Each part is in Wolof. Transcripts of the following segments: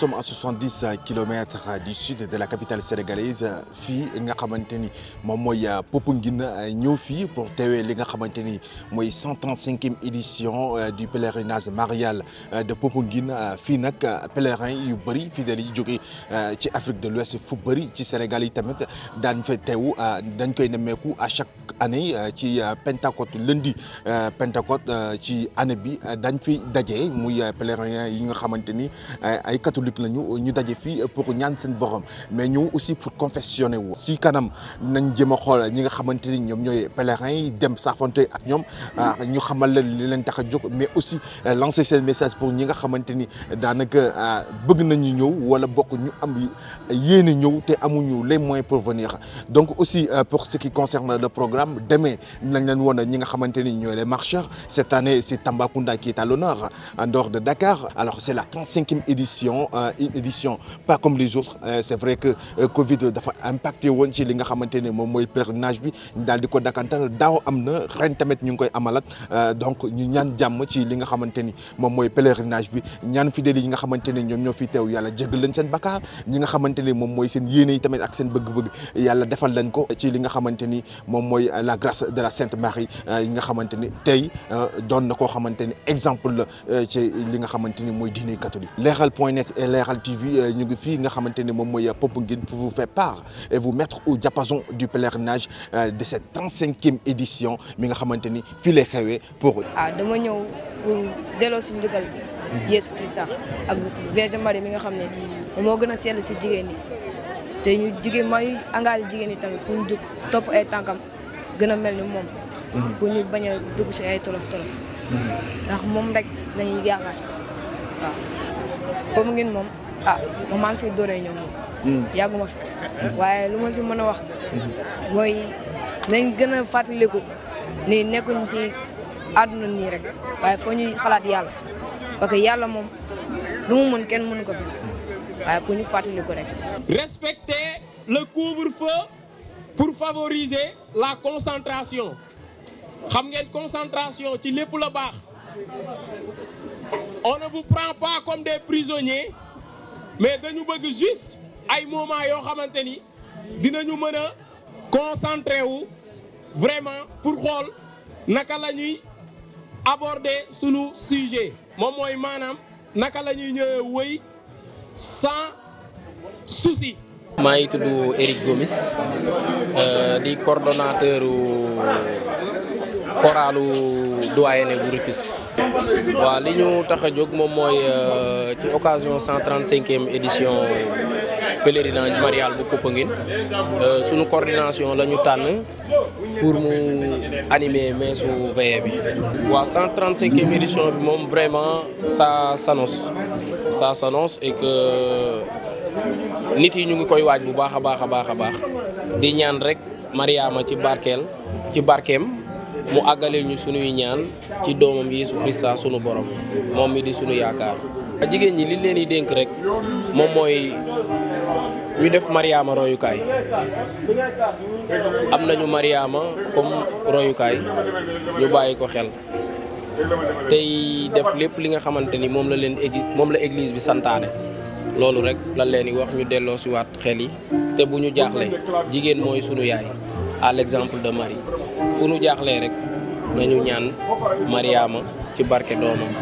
sommes à 70 kilomètres du sud de la capitale sénégalaise fii nga xamante ni moom mooy Popenguine ñëw fii pour teewee li nga xamante ni mooy 135e édition euh, du pèlerinage marial euh, de Popenguine fii nag pèlerin yu bëri fidèles yi jógee euh, ci Afrique de l'Ouest fu bëri ci Sénégal yi tamit daan fa teew dañ koy nemmeeku à chaque année ci Pentecôte lundi Pentecôte ci année bi dañ fi daje muy pèlerin yi nga xamante ay catholique public ñu daje fii pour ñaan seen borom mais ñëw aussi pour confessionner wu. ci kanam nañ jéem a xool ñi nga xamante ni ñoom ñooy pèlerins yi dem saafonte ak ñoom ah, ñu xamal leen li leen tax a jóg mais aussi eh, lancer seen message pour ñi nga xamante ni daanaka ah, bëgg nañu ñëw wala bokk ñu am yéene ñëw te amuñu les moyens pour venir donc aussi euh, pour ce qui concerne le programme demain nañ leen woon ñi nga xamante ni ñooy les marcheurs cette année c'est Tambacounda qui est à l'honneur en dehors de Dakar alors c'est la 35e édition euh, une édition pas comme les autres euh, c' est vrai que euh, Covid dafa impacté woon ci li nga xamante ne moom mooy pèlerinage bi daal ko dakantal daaw am na ngi koy amalat euh, donc ñu ñaan jàmm ci li nga xamante ni moom mooy pèlerinage bi ñaan fidèles yi nga xamante ne ñoom ñoo fi teew yàlla jéggal leen seen bakkaar ñi nga xamante ni moom mooy seen yéene yi tamit ak seen bëgg-bëgg yàlla defal leen ko ci li nga xamante ni moom mooy la grâce de la Sainte Marie yi nga xamante ni tey doon na koo xamante ni exemple la ci li nga xamante ni mooy diine catholique leeral point net Leral TV euh, ñu ngi fii nga xamante ne moom mooy Popenguine pour vous faire part et vous mettre au diapason du pèlerinage euh, de cette trente cinquième édition mi nga xamante ni fii lay xewee pour. ah dama ñëw pour delloo si njukkal Yeesu Kirista ak Vierge Marie mi nga xam ne moo gën a sell si jigéen ñi te ñu jigéen may engagé jigéen ñi tamit pour ñu topp ay tànkam gën a mel ni moom. Mhm. pour ñu bañ a dugg si ay tolof tolof. Mhm. ndax moom rek dañuy yaakaar waaw. boobu ngeen moom ah, a moom maa ngi fiy dooree ñoom moom. Hmm. ma fi waaye lu ma si mën a wax. mooy nañ gën a fàttaliku nii nekkuñ si àdduna nii rek waaye foo ñuy xalaat yàlla parce que yàlla moom lu mu mën kenn mënu ko fi waaye pour ñu fàttaliku rek. respecter le couvre-feu pour favoriser la concentration xam ngeen concentration ci lépp la baax. on ne vous prend pas comme des prisonniers mais dañu bëgg juste ay moment yoo xamante ni dinañu mën a concentrer wu vraiment pour xool naka la ñuy aborder sunu sujet moom mooy maanaam naka la ñuy ñëwee wëy sans souci. maa ngi tudd Éric Gomis euh, di coordonnateur koralu doyen bu Rufisque waaw li ñu tax a jóg moom mooy euh, ci occasion 135e édition pèlerinage marial bu Popenguine euh, suñu coordination lañu tànn pour mu animer meesu veillée bi. waaw 135e édition bi moom vraiment ça s'annonce saa s'annonce et que euh, nit yi ñu ngi koy waaj bu baax a baax a baax a baax di ñaan rek Mariama ci barkeel ci barkeem. mu àggaleel ñu sunuy ñaan ci doomam Yeesu Krista sunu borom moom mi di sunu yaakaar. jigéen ñi li leen di dénk rek moom mooy ñu def Mariama royukaay am nañu Mariama comme royukaay ñu bàyyi ko xel. tey def lépp li nga xamante ni moom la leen église moom la église bi santaane loolu rek lan leen di wax ñu delloo si waat xel yi te bu ñu jaaxle jigéen mooy sunu yaay à l'exemple de Marie fu nu jaaxlee rek nañu ñaan Mariama ci barke doomam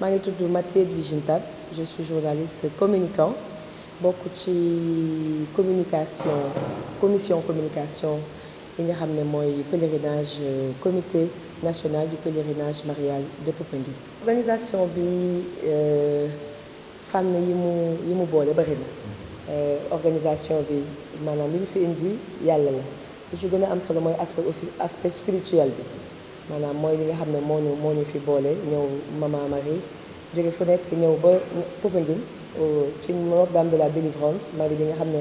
maa ngi tudd Mathilde Vigintab je suis journaliste communicant bokk ci communication commission communication yi nga xam ne mooy pèlerinage euh, comité national du pèlerinage marial de Popenguine organisation bi euh, fànn yi mu yi mu boole bëri na euh, organisation bi maanaam li ñu fi indi yàlla la li ci gën a am solo mooy aspect aspect spirituel bi maanaam mooy li nga xam ne moo ñu moo ñu fi boole ñëw Mama Marie jóge fu nekk ñëw ba Popenguine euh, ci Notre-Dame de la Délivrance Marie bi nga xam ne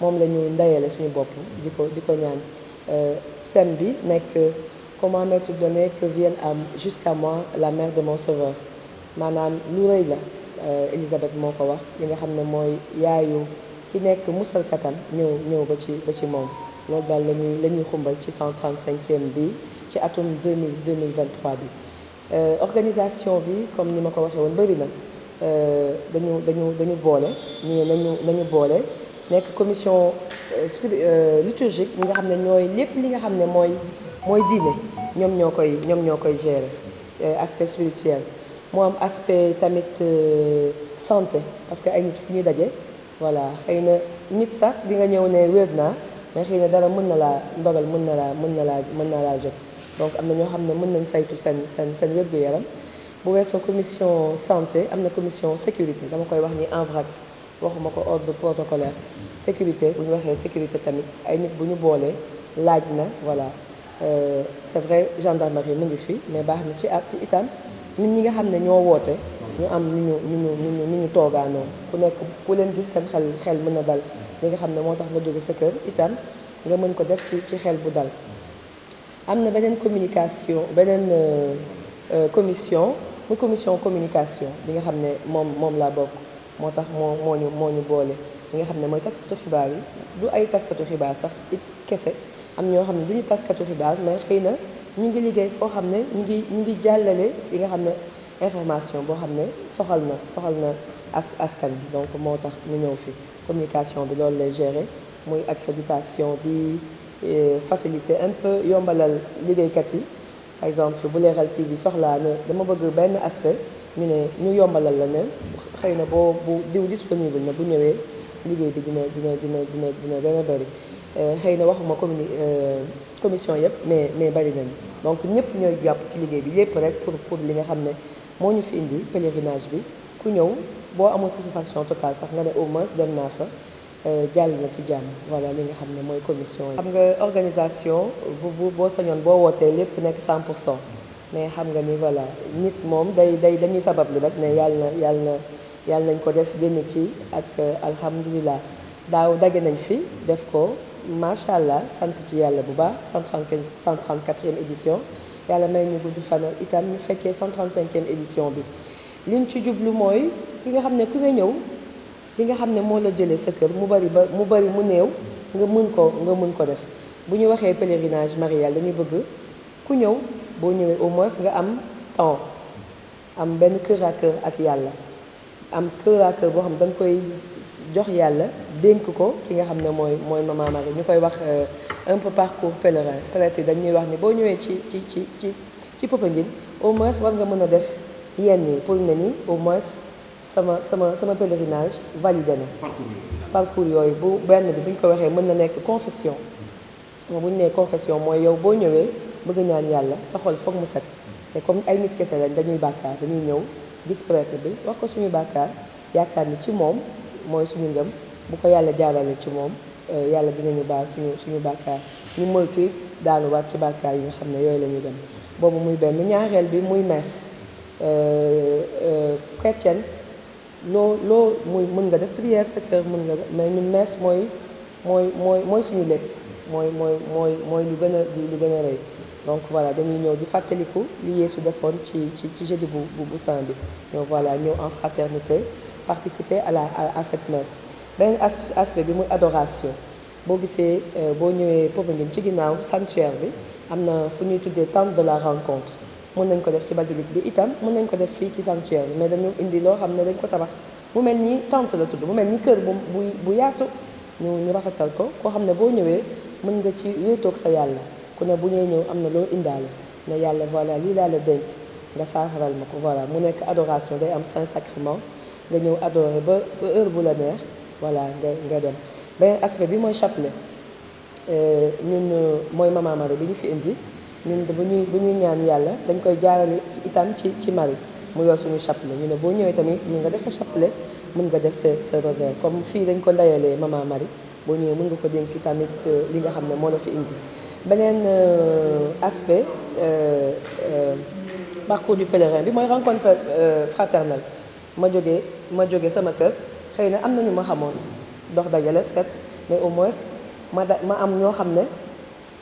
moom la ñu ndayale suñu bopp di ko di ko ñaan euh, thème bi nekk comment m'es-tu donné que vienne à jusqu'à la mère de mon maanaam lu rëy la Élisabeth euh, moo ko wax li nga xam ne mooy yaayu ki nekk musalkatam ñëw ñëw ba ci ba ci moom loolu daal lañuy la ñuy xumbal ci 135e bi ci atum 2000 2023 bi euh, organisation bi comme ni ma ko waxee woon bëri na euh, dañu dañu dañu boole ñu boole nekk commission euh, spiri liturgique ñi nga xam ne ñooy lépp li nga xam ne mooy mooy diine ñoom ñoo koy ñoom ñoo koy gérer aspect spirituel moo am aspect tamit santé parce que ay nit fu ñuy daje voilà xëy na nit sax di nga ñëw ne wér naa mais xëy ne dara mën na laa ndogal mën na laa mën na laa mën na laa jot donc am na ñoo xam ne mën nañ saytu seen seen seen wér-gu-yaram bu weesoo commission santé am na commission sécurité dama koy wax ni en waxuma ko ordre protocolaire sécurité bu ñu waxee sécurité tamit ay nit bu ñu boolee laaj na voilà euh, c'est vrai gendarmerie mu ngi fi mais baax na ci at itam ñun ñi nga xam ne ñoo woote ñu am ñu ñu ñu ñu ñu ñu toogaanoo ku nekk ku leen gis seen xel xel mën a dal li nga xam ne moo tax nga jóge sa kër itam nga mën ko def ci ci xel bu dal am na beneen communication beneen euh, euh, commission mu commission communication bi nga xam ne moom moom laa bokk moo tax moo moo ñu moo ñu boole li nga xam ne mooy taskatu xibaar yi du ay taskatu xibaar sax it kese am ñoo xam ne du ñu taskatu xibaar mais xëy na ñu ngi liggéey foo xam ne ñu ngi ñu ngi jàllale li nga xam ne information boo xam ne soxal na soxal na as askan bi donc moo tax ñu ñëw fi communication bi loolu lay gérer muy accréditation bi facilité un peu yombalal liggéeykat yi par exemple bu leeral TV soxlaa ne dama bëgg benn aspect ñu ne ñu yombalal la ne xëy na boo bu diw disponible na bu ñëwee liggéey bi dina dina dina dina dina gën a bëri euh, xëy na waxuma communi euh, commission yëpp mais mais bëri nañu donc ñëpp ñooy jàpp ci liggéey bi lépp rek pour pour li nga xam ne moo ñu fi indi pèlerinage bi ku ñëw boo amul satisfaction totale sax nga ne au moins dem naa fa Euh, jàll na ci jàmm voilà li nga xam ne mooy commission yi. xam nga organisation bu bu boo sañoon boo wootee lépp nekk 100 pour mais xam nga ni voilà nit moom day day dañuy sabablu rek ne yàlla na yàlla na yàlla nañ ko def génn ci ak euh, alhamdulilah daaw dage nañ fi def ko macha allah sant ci yàlla bu baax 134 134e édition yàlla may ñu gudd fan itam ñu fekkee 135e édition bi liñ ci jublu mooy ki nga xam ne ku nga ñëw. li nga xam ne moo la jëlee sa kër mu bari ba mu bari mu néew nga mën ko nga mën ko def bu ñu waxee pèlerinage marial dañu bëgg ku ñëw boo ñëwee au moins nga am temps am benn cœur ak yàlla am cœur boo xam ne nga koy jox yàlla dénk ko ki nga xam ne mooy mooy maman Marie ñu koy wax euh, un peu parcours pèlerin peut-être dañuy wax ni boo ñëwee ci ci ci ci ci Popenguine au moins war nga mën a def yenn yi pour ne ni au moins sama sama sama pèlerinage validé na parcours yooyu bu benn bi bu ñu ko waxee mën na nekk confession bu ñu nee confession mooy yow boo ñëwee bëgg ñaan yàlla sa xol foog mu set te comme ay nit kese lañ dañuy bàkkaar dañuy ñëw gis prêtre bi wax ko suñu bàkkaar yaakaar ni ci moom mooy suñu ngëm bu ko yàlla jaarale ci moom euh, yàlla dinañu baal suñu suñu bàkkaar ñu moytu daanuwaat ci bàkkaar yi nga xam ne yooyu la ñu dem boobu muy benn ñaareel bi muy mees euh, euh, chrétienne loo loo muy mën nga def prière sa kër mën nga mais ñun mees mooy mooy mooy mooy suñu lépp mooy mooy mooy mooy lu gën a lu gën a rëy donc voilà dañuy ñëw di fàttaliku li Yeesu defoon ci ci ci jeudi bu bu bu bi ñoo voilà ñëw en fraternité participer à la à cette messe beneen aspect bi muy adoration boo gisee euh, boo ñëwee Popenguine ci ginnaaw sanctuaire bi am na fu ñuy tuddee temple de la rencontre mën nañ ko def ci basilique bi itam mën nañ ko def fii ci sanctuaire mais dañu indi loo xam ne dañ ko tabax mu mel ni tent la tudd mu mel ni kër bu bu bu yaatu ñu ñu rafetal ko koo xam ne boo ñëwee mën nga ci wéetoog sa yàlla ku ne bu ñuy ñëw am na loo indaale ne yàlla voilà lii laa la dénk nga saafaral ma ko voilà mu nekk adoration day am saint sacrement nga ñëw adoré ba ba heure bu la neex voilà nga nga dem beneen aspect bi mooy chapelet euh, ñun mooy Mama bi ñu fi indi ñun de bu ñuy bu ñuy ñaan yàlla dañ koy jaarale itam ci ci Marie mu yor suñu chapelet ñu ne boo ñëwee tamit mën nga def sa chapelet mun nga def sa sa rosaire comme fii dañ ko ndayalee maman Marie boo ñëwee mun nga ko dénk tamit euh, li nga xam ne moo la fi indi beneen euh, aspect euh, parcours du pèlerin bi mooy rencontre fraternelle ma jóge ma jóge sama kër xëy na am na ñu ma xamoon dox dajale set mais au moins ma da ma am ñoo xam ne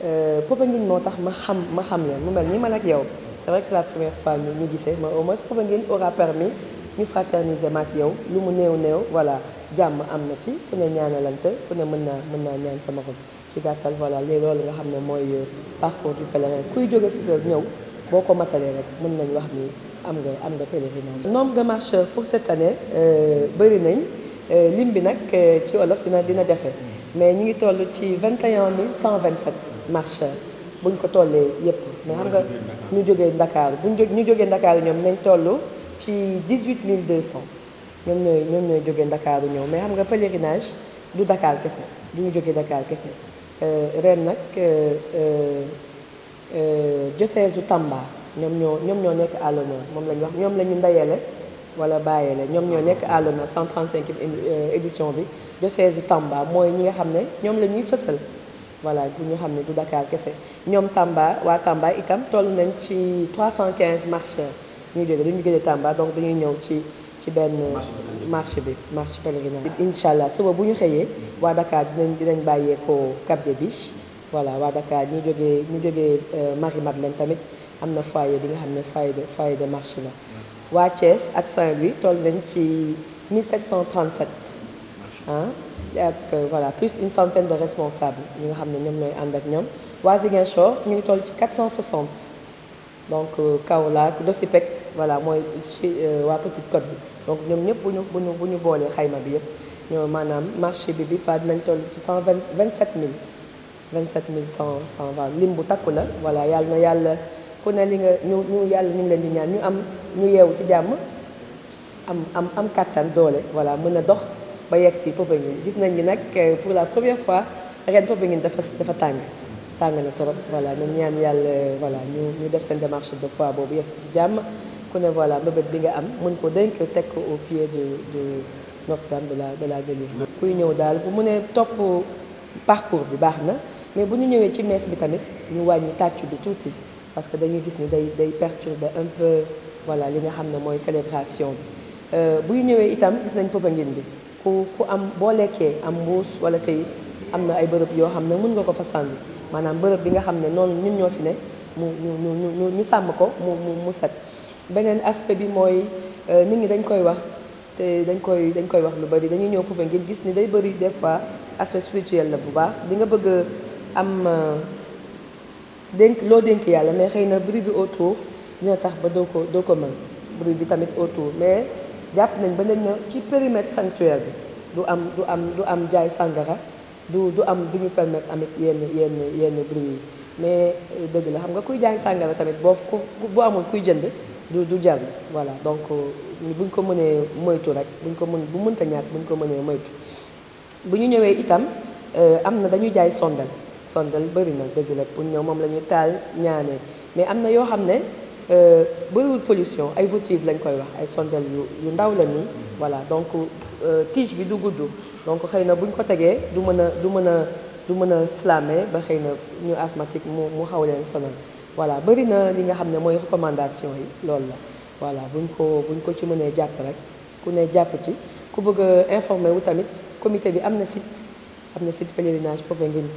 Euh, Popenguine moo tax ma xam ma xam leen mu mel ni man ak yow c'est vrai que c'est la première fois ñu ñu gisee mais au moins Popenguine aura permis ñu fraterniser ma ak yow lu mu néew néew voilà jàmm am na ci ku ne ñaanalante ku ne mën naa mën naa ñaan sama xol ci gàttal voilà léegi loolu nga xam ne mooy euh, parcours du pèlerin kuy jóge si kër ñëw boo ko matalee rek mën nañ wax ni am nga am nga pèlerinage. nombre de marcheurs pour cette année euh, bari nañ lim bi nag ci olof dina dina jafe mais ñu ngi toll ci 21 127. bu buñ ko tollee yépp mais xam nga ñu jógee Dakar buñ jóg ñu jógee Dakar ñoom nañ toll ci 18200 ñoom ñooy ñoom ñooy jóge ndakaaru ñëw mais xam nga pèlerinage du Dakar kese du ñu jógee Dakar kese euh, ren nag euh, euh, diocèse u Tamba ñoom ñoo ñoom ñoo nekk à l'honneur moom la ñu wax ñoom la ñu ndeyale wala bàyyele ñoom ñoo nekk à l'honneur 135e édition bi diocèse u Tamba mooy ñi nga xam ne ñoom la ñuy fësal voilà bu ñu xam ne du Dakar kese ñoom Tamba waa Tamba itam toll nañ ci 315 marcheurs ñuy jóge du ñu Tamba donc dañuy ñëw ci ci benn marché bi marché pèlerinage incha allah suba bu ñu xëyee waa Dakar dinañ dinañ bàyyeekoo Cap des Biches voilà waa Dakar ñu jógee ñu jógee euh, Marie Madeleine tamit am na foyer bi nga xam ne foyer de foyer de marche la waa Thiès ak Saint-Louis toll nañ ci 1737 ah ak euh, voilà plus une centaine de responsables ñi nga xam ne ñoom ñooy ànd ak ñoom waa Ziguinchor ñu ngi toll ci 460 donc euh, Kaolack Dosipec voilà mooy ci euh, waa Petite Côte bi donc ñoom ñëpp bu ñu bu ñu bu ñu boolee xayma bi yëpp ñoo maanaam marché bi bi pa dinañ toll ci 120 27000 27000 100 120 lim bu takku la voilà yàlla na yàlla ku ne li nga ñu ñu yàlla ñu ngi leen di ñaan ñu am ñu yeewu ci jàmm am am am kàttan doole voilà mën a dox ba yegg si Popenguine gis nañ ni nag euh, pour la première fois ren Popenguine dafa dafa tàng tàng na trop voilà nañ ñaan yàlla euh, voilà ñu ñu def seen démarche de foi boobu yegg si ci jàmm ku ne voilà mbébét bi nga am mën ko dénk teg ko au pied de de Notre Dame de la de la délivrance kuy ñëw daal bu mu ne topp parcours bi baax na mais bu ñu ñëwee ci messe bi tamit ñu wàññi tàccu bi tuuti parce que dañuy gis ni day day perturbe un peu voilà li nga xam ne mooy célébration bi euh, bu ñu ñëwee itam gis nañ Popenguine bi ku ku am boo lekkee am mbuus wala kayit am na ay bërëb yoo xam ne mën nga ko fa sànni maanaam bërëb bi nga xam ne noonu ñun ñoo fi ne mu ñu ñu ñu sàmm ko mu mu mu set beneen aspect bi mooy euh, nit ñi dañ koy wax te dañ koy dañ koy wax lu bari dañuy ñëw Popenguine ngir gis ni day bëri des fois aspect spirituel la bu baax di nga bëgg am euh, dénk loo dénk yàlla mais xëy na bruit bi autour dina tax ba doo ko doo ko mën bruit bi tamit autour mais jàpp nañ ba nañ na ci périmètre sanctuaire bi du am du am du am jaay sàngara du du am du ñu permettre amit yenn yenn yenn bruit yi mais euh, dëgg la xam nga kuy jaay sàngara tamit boo ko bu amul kuy jënd du du jar voilà donc euh, buñ ko mënee moytu rek buñ ko mën bu mënta ñàkk buñ ko mënee moytu bu ñu ñëwee itam euh, am na dañuy jaay sondal sondal bëri na dëgg la pour ñëw moom la ñu taal ñaanee mais am na yoo xam ne Euh, bëriwul pollution ay votive lañ koy wax ay sondel yu yu ndaw la nii voilà donc euh, tige bi du gudd donc xëy na buñ ko tegee du mën a du mën a du mën a flammé ba xëy na ñu asthmatique mu xaw leen sonal voilà bëri na li nga xam ne mooy recommandation yi loolu la voilà buñ ko buñ ko ci mënee jàpp rek ku ne jàpp ci ku bëgg a wu tamit comité bi am na site am na site pèlerinage Popenguine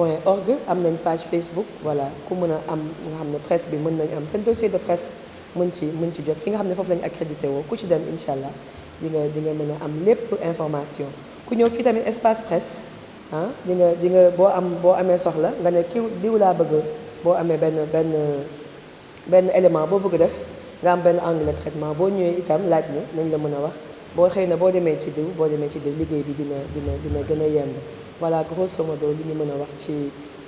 point org am nañ page Facebook voilà ku mën a am nga xam ne presse bi mën nañ am seen dossier de presse mën ci mën ci jot fi nga xam ne foofu lañ accrédité woo ku ci dem incha allah di nga di nga mën a am lépp information ku ñëw fii tamit espace presse ah di nga di nga boo am boo amee soxla nga ne kii diw laa bëgg boo amee benn benn benn élément boo bëgg def nga am benn angle traitement boo ñëwee itam laaj mi nañ la mën a wax boo xëy na boo demee ci diw boo demee ci diw liggéey bi dina dina dina gën a yemb voilà grosso modo li ñu mën a wax ci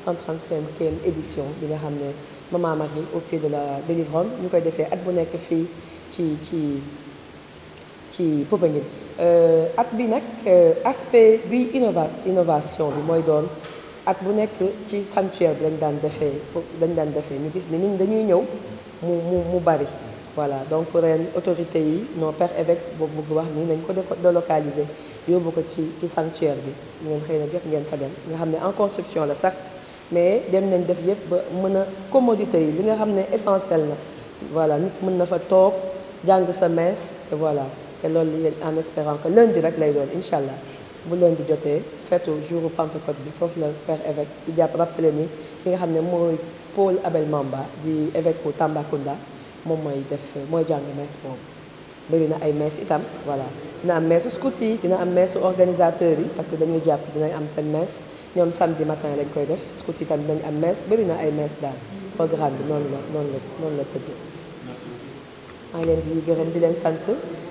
135e édition bi nga xam ne Maman Marie au pied de la ñu koy defee at bu nekk fii ci ci ci Popenguine euh, at bi nag euh, aspect bi innova innovation bi mooy doon at bu nekk ci sanctuaire bi lañ daan defee dañ daan defee ñu gis ni nit ñi dañuy ñëw mu mu mu bari voilà donc ren autorité yi nos pères évêques boobu bëgg wax ni nañ ko délocaliser yóbbu ko ci ci sanctuaire bi ngeen xëy na jot ngeen fa dem nga xam ne en construction la certes mais dem nañ def yëpp ba mën a commodité yi li nga xam ne essentiel na voilà nit mën na fa toog jàng sa messe te voilà te loolu yéen en espérant que lundi rek lay doon incha allah bu lundi jotee feetu jouru Pentecôte bi foofu la père évêque di jàpp rappelé ni ki nga xam ne mooy Paul Abel Mamba di évêque bu Tambacounda moom mooy def mooy jàng messe boobu bëri na ay mees itam voilà dina am meesu scout dina am meesu organisateurs yi parce que dañuy jàpp dinañ am seen mees ñoom samedi matin lañ koy def scout yi tam dinañ am mees bëri na ay mees daal programme bi noonu la noonu la noonu tëdd maa ngi leen di gërëm di leen sant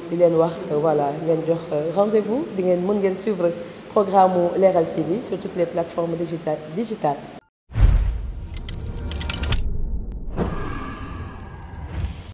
di leen wax voilà ngeen jox rendez-vous di ngeen mën ngeen suivre programme Leral TV sur toutes les plateformes digitales digitales